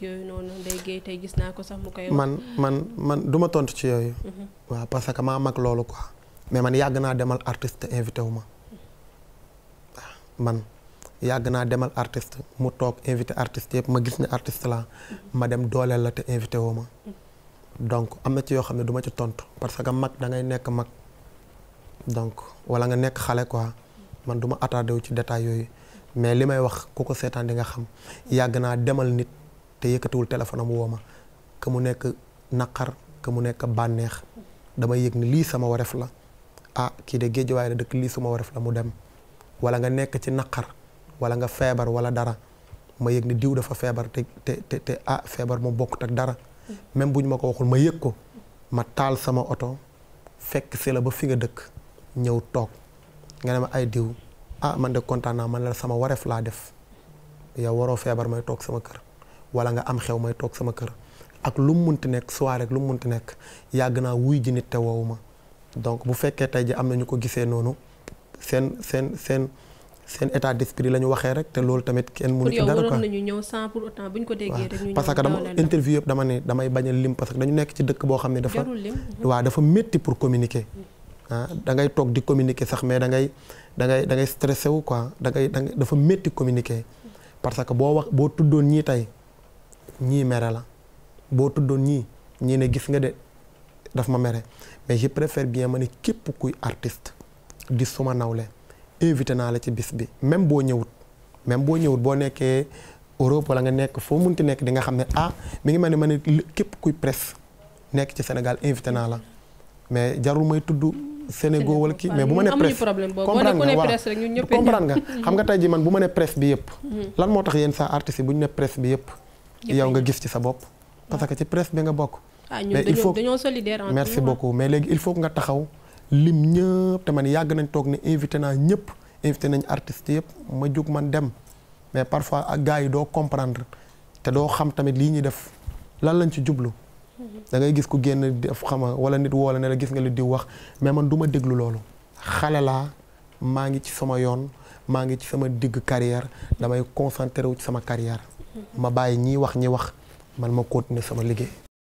yooyu noonu gis naa ko sax mu man man man du tontu ci yooyu. Mhm. waaw parce que ma mag loolu quoi. mais man yàgg naa demal artiste invité wu ma. man yàgg naa demal artiste mu toog invité artiste yëpp ma gis ne artiste la mhm. ma dem dooleel la te invité woo ma. Mhm. donc am na ci yoo xam ne duma ci tontu parce que mag da ngay nekk mag. donc wala nga nekk xale quoi man du ma attardé wu ci détail yooyu mais li may wax ku ko seetaan di nga xam yàgg naa demal nit. te yëkkatiwul téléphone am woo ma que mu nekk naqar que mu nekk bànneex damay yëg ni lii sama wareef la ah kii de géejuwaay la dëkk lii sama wareef la mu dem wala nga nekk ci naqar wala nga feebar wala dara ma yëg ni diw dafa feebar te te te ah feebar mu bokkut ak dara même bu ñu ma ko waxul ma yëg ko ma taal sama oto fekk si la ba fi nga dëkk ñëw toog nga ne ay diw ah man de kontaan man la sama wareef laa def yow waroo feebar may toog sama kër wala nga am xew may toog sama kër ak lu mu munti nekk soir rek lu mu ti nekk yàgg naa wuy ji nit te woowu ma donc bu fekkee tey ji am na ñu ko gisee noonu seen seen seen seen état d'esprit la ñu waxee rek te loolu tamit kenn mënu ci dara quoi nañu ñëw sans pour autant bu ñu ko déggee rek ñu parce que dama interview yëpp damay bañ lim parce que dañu nekk ci dëkk boo xam ne dafa waa dafa métti pour communiquer ah da ngay toog di communiquer sax mais da ngay da ngay da wu quoi da ngay dafa métti communiquer parce que boo wax boo tuddoon ñii tey ñii mere la boo tuddoon ñii ñii ne gis nga de daf ma mere mais je préfère bien ma képp kuy artiste di suma nawle invité naa la ci bis bi même boo ñëwut même boo ñëwut boo nekkee Europe wala nga nekk foo munti nekk di nga xam ne ah mu ngi mel ne ma ne képp kuy presse nekk ci Sénégal invité naa la mais jarul may tudd Sénégal wala kii mais bu ma ne presse comprendre nga nga xam nga tey ji man bu ma ne presse bi yëpp mm-hmm. lan moo tax yéen saa artistes yi bu ñu ne presse yëpp yow nga gis ci sa bopp parce que ci presque bi nga bokk ah, mais il faut dañoo solidaire merci beaucoup mais léegi il nga taxaw lim ñëpp te man yàgg nañ toog ne invité naa ñëpp invité nañ artistes yëpp ma jug man dem mais parfois ak gars yi doo comprendre te doo xam tamit lii ñuy def lan lañ ci jublu mhm. da ngay gis ku génn def xama wala nit woola ne la gis nga li di wax mais man duma déglu loolu xalelaa maa ngi ci sama yoon maa ngi ci sama diggu carrière damay concentré wu ci sama carrière ma bàyyi ñiy wax ñi wax man ma continuer sama liggéey